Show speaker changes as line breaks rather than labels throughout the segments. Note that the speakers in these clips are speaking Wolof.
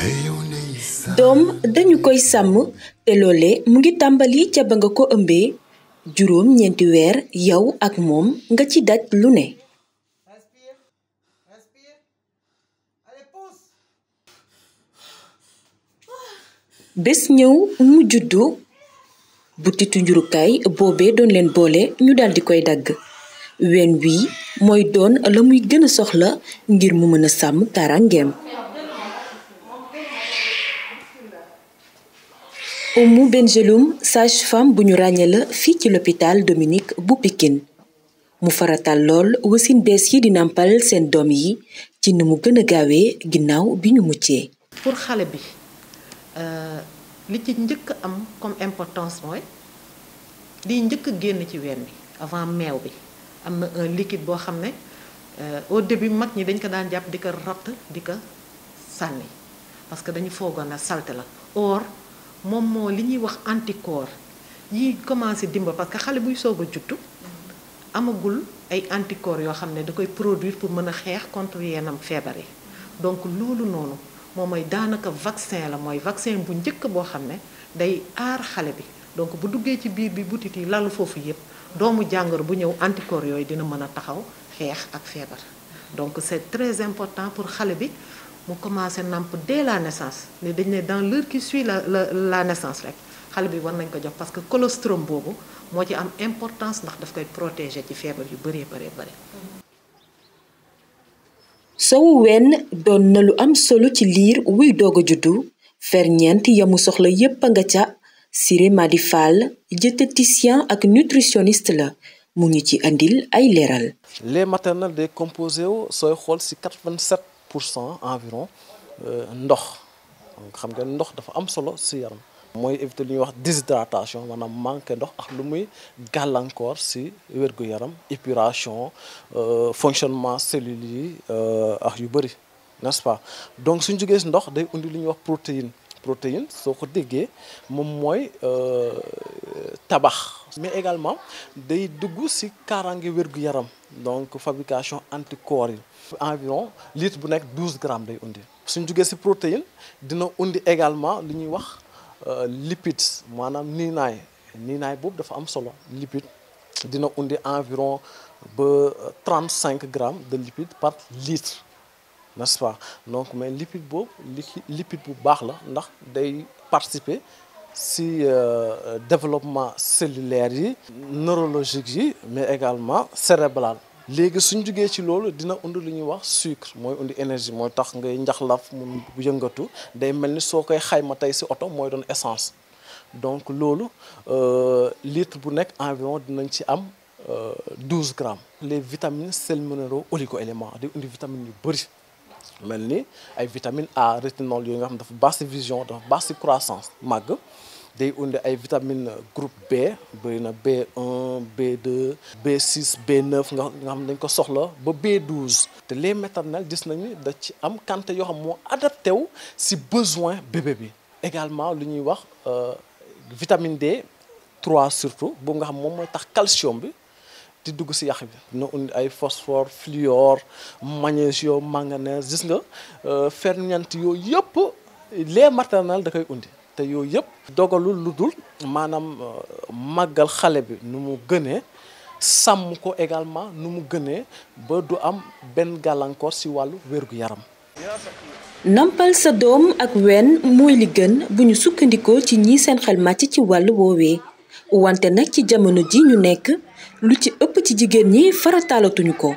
Hey, you doom dañu koy sàmm te loole mu ngi tàmbali ca ba nga ko ëmbee juróom ñeenti weer yow ak moom nga ci daj lu ne bés ñëw mu juddu butitu njurukaay boobee doon leen boole ñu daldi koy dagg wen wii mooy doon la muy gëna soxla ngir mu mën a sàmm kaaraangeem Oumou Bengeloum sage-femme bu ñu ràññee la fii ci l'hôpital Dominique bu Pikine mu faratal lool wasin bees yi di nàmpal seen doom yi ci ni mu gën a gaawee ginnaaw bi ñu muccee.
pour xale bi euh, li ci njëkk am comme importance mooy liy njëkk génn ci ween bi avant meew bi am na un liquide boo xam ne euh, au début mag ñi dañ ko daan jàpp di ko ratt di ko sànni parce que dañu foogoon a salte la moom moo li ñuy wax anticorps yi commencé dimba parce que xale buy soog a juddu amagul ay anticorps yoo xam ne da koy produit pour mën a xeex contre yenam feebar yi donc loolu noonu moom mooy daanaka vaccin la mooy vaccin bu njëkk boo xam ne day aar xale bi donc bu duggee ci biir bi butit yi lalu foofu yépp doomu jàngoro bu ñëw anticorps yooyu dina mën a taxaw xeex ak feebar donc c'est très important pour xale bi mu commencé namp dès la naissance ne dañ ne dans l'heure qui la la la naissance rek xale bi war nañ ko jox parce que colostrum boobu moo ci am importance ndax daf koy protéger ci feebar yu bëree bëree bëri.
sowu wenn doon na lu am solo ci liir wuy doog a juddu ferñeent yamu soxla yépp a nga ca Siré Madi Fall diététicien ak nutritionniste la mu ngi ci andil ay leeral.
lait maternel day composé wu sooy xool si 87. pour cent environ euh, ndox xam nga ndox dafa am solo si yaram. mooy éviter lu ñuy wax déshydratation maanaam manque ndox ak lu muy gàllankoor si wér-gu-yaram épuration euh, fonctionnement cellules yi euh, ak yu bëri n'est-ce pas donc suñ jógee si ndox day undi lu ñuy wax protéine. protéine soo ko déggee moom mooy euh, tabax mais également day dugg ci kaaraange wérgu yaram donc fabrication anticorps yi environ litre bu nekk 12 grammes day undi suñ jugee ci protéine dina undi également li ñuy wax euh, lipides maanaam niinaay niinaay boobu dafa am solo lipide dina undi environ ba 35 euh, grammes de lipides par litre n'est-ce pas donc mais lipide boobu lipide bu baax la ndax day participer si euh, développement cellulaire yi neurologique yi mais également cérébral léegi suñ jugee ci loolu dina undi lu ñuy wax sucre mooy undi énergie mooy tax ngay njaxlaf mun yëngatu day mel ni soo koy xayma tey si oto mooy doon essence donc loolu euh, litre bu nekk environ dinañ ci am 12 euh, grammes les vitamines sels minéraux oligo-éléments day undi vitamines yu bëri mel ni ay vitamine A rétinol yooyu nga xam dafa baax si vision dafa baax si croissance màgg day undi ay vitamine groupe B bëri na B1 B2 B6 B9 nga xam dañ ko soxla ba B12 te lait maternel dis nañu da ci am quantité yoo xam moo adapté wu si besoin bébé bi également lu ñuy wax euh, vitamine D 3 surtout boobu nga xam moom mooy tax calcium bi di dugg si yàq bi dina undi ay phosphore fluor magnésium manganèse gis nga euh, ferñeent yooyu yëpp lait maternel da undi te yooyu yëpp dogalul lu dul maanaam euh, màggal xale bi nu mu gënee sàmm ko également nu mu gënee ba du am benn gàllankoor si wàllu wér-gu-yaram
nampal sa doom ak wenn mooy li gën bu ñu sukkandikoo ci ñi seen xel màcc ci wàllu woowee wante nag ci jamono ji ñu nekk lu ci ëpp ci jigéen ñi farataalatuñu ko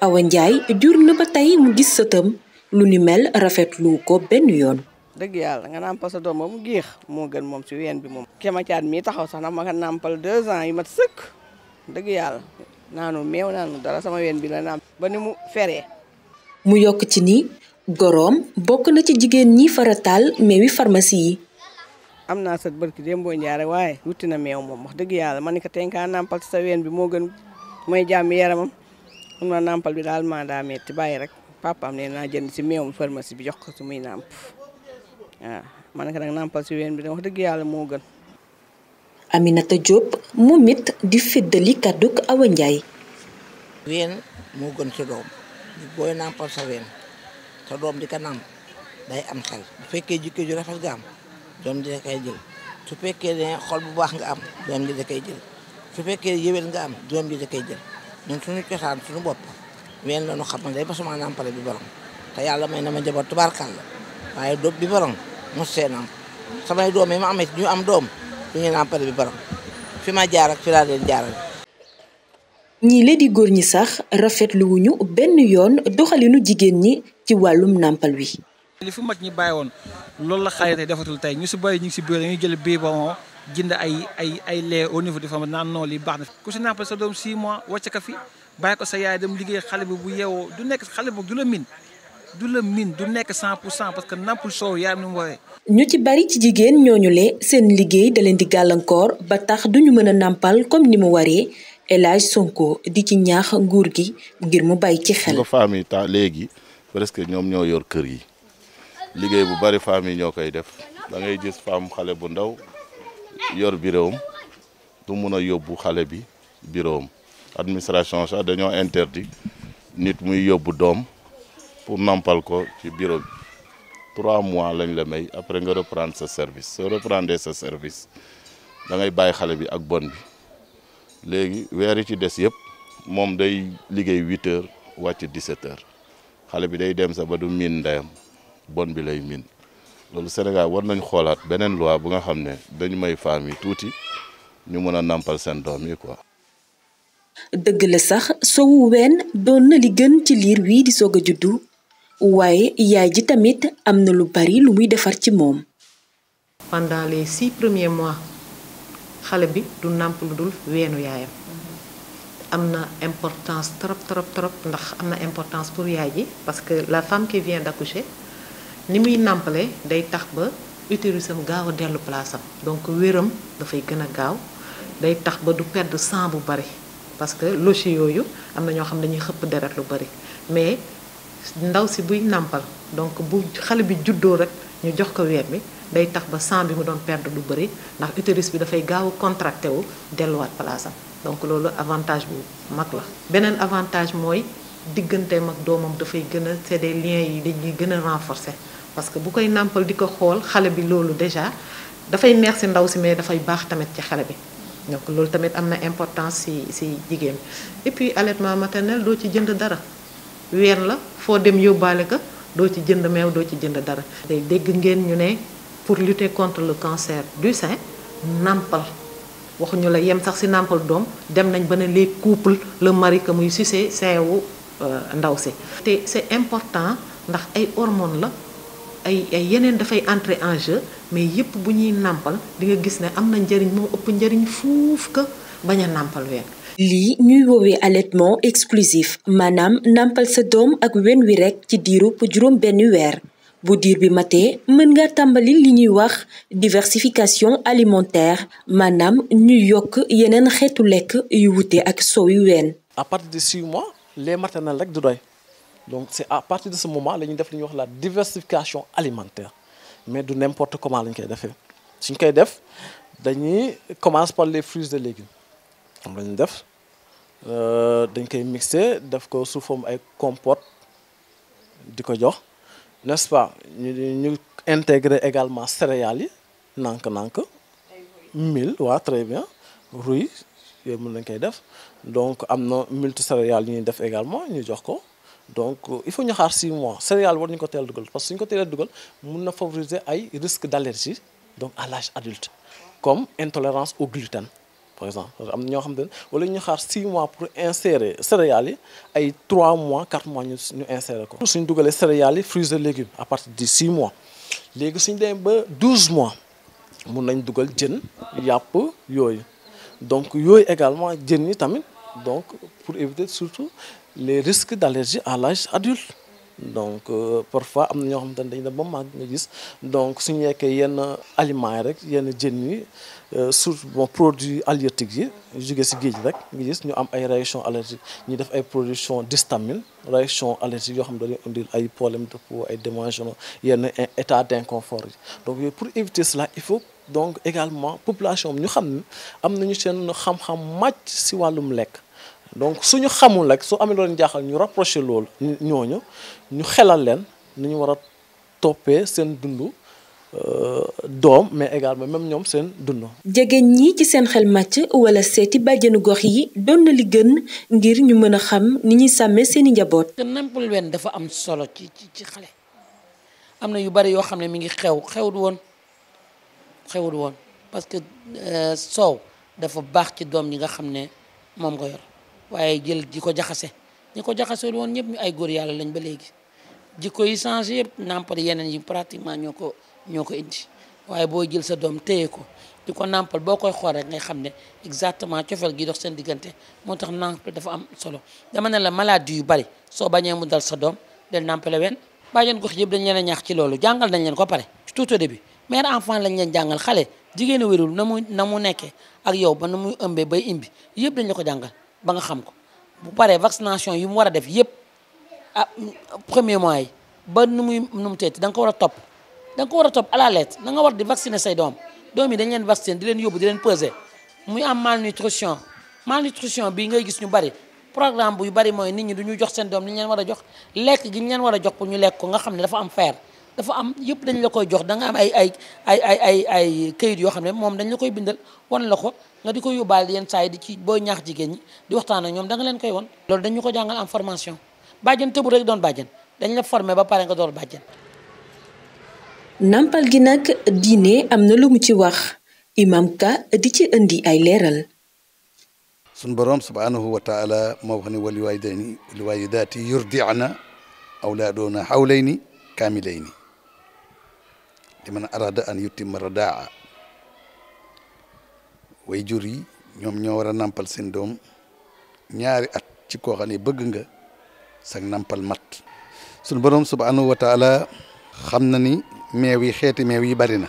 Awa Ndiaye jur na ba tey mu gis sëtam lu ni mel rafetlu ko benn yoon.
dëgg yàlla nga nàmpal sa doom ba mu géex moo gën moom si ween bi moom. Kéema Caat mii taxaw sax na ma a nàmpal deux ans yi mat sëkk dëgg yàlla naanu meew naanu dara sama ween bi la nàmp ba ni mu fere
mu yokk ci ni goroom bokk na ci jigéen ñi farataal meewi pharmacie yi.
am naa sa barki démb boo njaare waaye wuti na meew moom wax dëgg yàlla ma ne ko tey nga moo gën mooy jàmm yaramam nàmpal bi daal maa daa metti bàyyi rek papaam nee naa jënd si meewum pharmacie bi jox ko su muy nàmp waaw si ween bi da wax dëgg yàlla moo gën.
Aminata Diop moom it di feddali kàddug Awa Ndiaye.
ween moo gën ci booy nàmpal sa ween sa di ko nàmp day am xel bu fekkee jikko ju rafet nga am doom ji da koy jël su fekkee ne xol bu baax nga am doom ji da kay jël su fekkee yëwén nga am doom ji da koy jël ñun suñu cosaan suñu bopp ween la ñu xam ne day basuma nampale bi borom te yàlla may na ma njaboot tubaarkàlla waaye doom bi borom mos seen am samay doom yi ma amee ñu am doom duñu nampale bi borom fi ma jaar ak fi laa leen jaaral
ñii lee di góor ñi sax rafetlu wuñu benn yoon doxalinu jigéen ñi ci wàllum nàmpal wi
li fi mag ñi bàyyi woon loolu la xale tey defatul tey ñu si bàyyi ñu ngi si biir dañuy jël bii bon jënd ay ay ay lait au niveau de femme naan noonu lii baax na. ku si nàmpal sa doom 6 mois wàcc ka fi bàyyi ko sa yaay dem liggéey xale bi bu yeewoo du nekk xale bi du du la du nekk 100 cent parce que nàmpul soow yaayam ni mu waree.
ñu ci bari ci jigéen ñooñu le seen liggéey da leen di gàllankoor ba tax duñu mën a nàmpal comme ni mu waree El Sonko di ci ñaax nguur gi ngir mu bàyyi ci xel. nga
femmes yi temps léegi ñoom ñoo yor kër yi. liggéey bu bari femmes yi ñoo koy def dangay ngay gis xale bu ndaw yor biroom du mun a yóbbu xale bi biroom administration sax dañoo interdit nit muy yóbbu doom pour nampal ko ci bureau bi trois mois lañ la may après nga reprendre sa service soo reprendre sa service da ngay bàyyi xale bi ak bon bi léegi weer yi ci des yëpp moom day liggéey huit heures wàcc dix-sept heures xale bi day dem sa ba du miin ndeyam bon bi lay miin loolu Sénégal war nañ xoolaat beneen loi bu nga xam ne dañu may femmes yi tuuti ñu mën a nàmpal seen doom yi quoi.
dëgg la sax sowu ween doon na li gën ci liir wii di soog a juddu waaye yaay ji tamit am na lu bari lu muy defar ci moom.
pendant les six premiers mois xale bi du nàmp lu dul weenu yaayam. am na importance trop trop ndax am na importance pour yaay ji parce que la femme qui vient d'accoucher ni muy nàmpale day tax ba utérusam gaaw a dellu place donc wéram dafay gën a gaaw day tax ba du perd sang bu bari parce que loci yooyu am na ñoo xam ne dañuy xëpp deret lu bari mais ndaw si buy nàmpal donc bu xale bi juddoo rek ñu jox ko weer bi day tax ba sang bi mu doon perdre lu bari ndax utérus bi dafay gaaw a contracté wu delluwaat place donc loolu avantage bu mag la beneen avantage mooy digganteem ak doomam dafay gën a c'est des liens yi dañuy gën a renforcer parce que bu koy nàmpal di ko xool xale bi loolu déjà dafay neex si ndaw si mais dafay baax tamit ci xale bi donc loolu tamit am na importance si si jigéen et puis allaitement maternel doo ci jënd dara weer la foo dem yóbbaale ko doo ci jënd meew doo ci jënd dara. tey dégg ngeen ñu ne pour lutter contre le cancer du sein nàmpal waxuñu la yem sax si nàmpal doom dem nañ ba ne les couples le mari que muy sucer sein wu euh, ndaw si. te c'est important ndax ay hormones la. ay yeneen dafay entrer en jeu mais yëpp bu ñuy nàmpal di nga gis ne am na njëriñ moo ëpp njëriñ fuuf que bañ a nàmpal ween
lii ñuy woowee allaitement exclusif maanaam nàmpal sa doom ak wen wi rek ci diiru bu juróom benn weer bu diir bi matee mën nga tàmbali li ñuy wax diversification alimentaire maanaam ñu yokk yeneen xeetu lekk yu wute ak
soowu ween à partir de six mois lait maternel rek du doy donc c' est à partir de ce moment la def li ñuy wax la diversification alimentaire mais du n'importe comment la ñu koy defee suñ koy def dañuy commencer par les fruits et légumes am la def euh, dañ koy mixé def ko sous forme ay compote di ko jox n'est-ce pas ñu ñu également céréales yi nànk-nànk mil waa très bien ruy yooyu mën nañ koy def donc am na multi céréale yi ñuy def également ñu jox ko donc euh, il faut ñu xaar 6 mois céréales war ñu ko teel dugal parce que suñu ko teelee dugal mun na favoriser ay risque d' allergie donc à l'âge adulte comme intolérance au gluten par exemple am na ñoo xam ne wala ñu xaar 6 mois pour insérer céréales yi ay 3 mois 4 mois ñu ñu insérer ko. suñu dugalee céréales yi fruits et légumes à partir de 6 mois léegi suñ dee ba douze mois mun nañ dugal jën yàpp yooyu donc yooyu également jën yi tamit donc pour surtout. les risques d'allergie à l'âge adulte donc euh, parfois am na ñoo xamante ne dañ dem ba màgg nga gis donc suñu yekkee yenn aliments rek yenn jën yi euh, surtout bon produits halieutiques yi jóge si géej rek nga gis ñu am ay réaction allergique ñu def ay production d'histamine réaction allergique yoo xam ne dañuy indil ay problème de peau ay démangeaisons yenn état d'inconfort yi donc yooyu pour éviter cela il faut donc également population bi ñu xam am nañu seen xam-xam màcc si wàllum lekk donc su ñu xamul rek soo amee doon jaaxal ñu rapproché loolu ñooñu ñu xelal leen nu ñu war a toppee seen dund euh, doom mais également même ñoom seen dund.
jigéen ñi ci seen xel màcc wala seeti bàjjenu gox yi doon na li gën ngir ñu mën a xam ni ñuy sàmmee seen i njaboot.
nampal wen dafa am solo ci ci xale am na yu bari yoo xam ne mi ngi xew xewut woon xewut woon parce que euh, soow dafa baax ci doom yi nga xam ne moom ko yor. waaye jël ji ko jaxase ñi ko jaxasewul woon ñëpp ñu ay góor yàlla lañ ba léegi jikko yi changé yëpp nàmpal yeneen yi pratiquement ñoo ko ñoo ko indi waaye boo jël sa doom téye ko di ko nàmpal boo koy xool rek ngay xam ne exactement cofeel gi dox seen diggante moo tax nàmpal dafa am solo dama ne la maladie yu bari soo bañee mu dal sa doom del nàmpale wen bàyyi gox yëpp dañ leen a ñaax ci loolu jàngal nañ leen ko pare ci tout au début mère enfant lañ leen jàngal xale jigéenu wérul na mu na mu nekkee ak yow ba na muy ëmbee bay imbi yëpp dañ la ko jàngal ba nga xam ko bu paree vaccination yi mu war a def yëpp ah premier mois yi ba nu muy nu mu teeti da nga ko war a topp da nga ko war a topp à la lettre da nga war di vacciner say doom doom yi dañ leen vacciner di leen yóbbu di leen peser muy am malnutrition malnutrition bi ngay gis ñu bari programme bu yu bari mooy nit ñi du ñu jox seen doom li ñu leen war a jox lekk gi ñu leen war a jox pour ñu lekk ko nga xam ne dafa am fer dafa am yépp dañ la koy jox danga am ay ay ay ay ay ay kayit yoo xam ne moom dañ la koy bindal wan la ko nga di ko yóbbaale yenn saa yi di ci booy ñaax jigéen ñi di waxtaan ak ñoom danga leen koy wan. loolu dañu ko jàngal en formation bàjjen tëbu rek doon bàjjen dañu la formé
ba pare nga door bàjjen.
nampal gi nag diine am na lu mu ci wax imam ka di ci indi ay leeral.
sunu borom subhanahu wa taala moo wax ne wali waay day ni wali waay daati yurdiana awlaadoona xawlayni na arada an yutimma radaa way jur yi ñoom ñoo war a nampal seen doom ñaari at ci koo xam bëgg nga sag nampal mat sunu borom subhanahu xam na ni meew yi xeeti meew yi bari na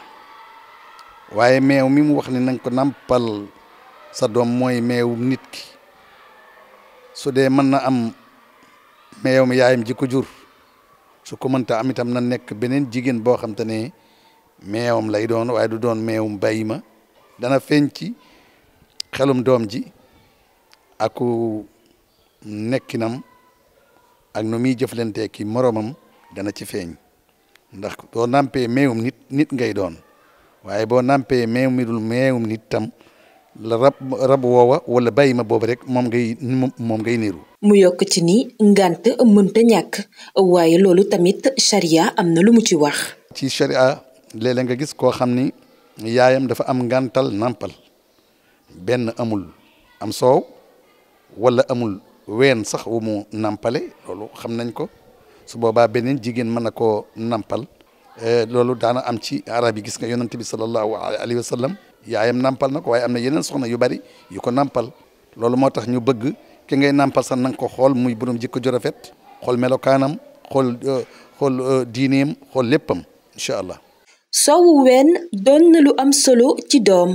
waaye meew mi mu wax ni nanga ko nampal sa doom mooy meewu nit ki su dee mën na am meew mi yaayam ji jur su ko mënta am itam na nekk beneen jigéen boo xam te ne meewam lay doon waaye du doon meewum bàyyi ma dana feeñ ci xelum doom ji aku nekkinam ak nu muy jëflantee ki moroomam dana ci feeñ ndax boo nampee meewum nit nit ngay doon waaye boo nampee meew mi dul meewum nit tam rab rab wala bàyyi ma boobu rek moom ngay moom niru.
mu yokk ci ni ngànt mënta ñàkk waaye loolu tamit
charia am na lu mu ci wax. ci charia léeg nga gis koo xam ni yaayam dafa am ngantal nampal benn amul am soow walla amul ween sax wu mu nampale loolu xam nañ ko su boobaa beneen jigéen mën na koo nàmpal eh, loolu daana am ci arab yi gis nga yonent bi sallallahu alayhi wa sallam yaayam nàmpal na ko waaye am na yeneen soxna yu bari yu ko nàmpal loolu moo tax ñu bëgg ki ngay nàmpal sax na nga ko xool muy borom jikko ju rafet xool melokaanam xool eh, xool eh, diineem xool léppam incha allah soowu ween doon lu am
solo ci doom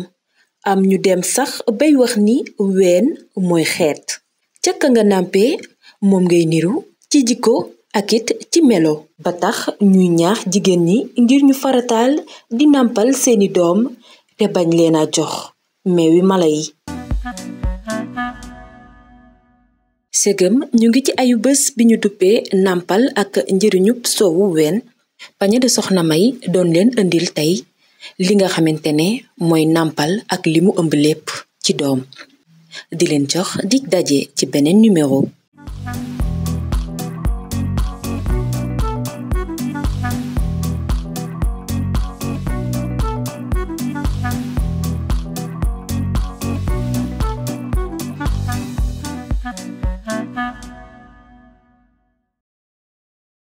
am ñu dem sax bay wax ni ween mooy xeet ca ka nga nàmpe moom ngay niru ci jikko ak it ci melo ba tax ñuy ñax jigéen ñi ngir ñu faratal di nàmpal seeni doom te bañ leena jox jox meewi mala yi ségam ñu ngi ci ayu bés bi ñu duppee nampal ak njëriñub soowu ween pañe de soxna may doon leen indil tey li nga xamante ne mooy nàmpal ak li mu ëmb lépp ci doom di leen jox dig daje ci beneen numéro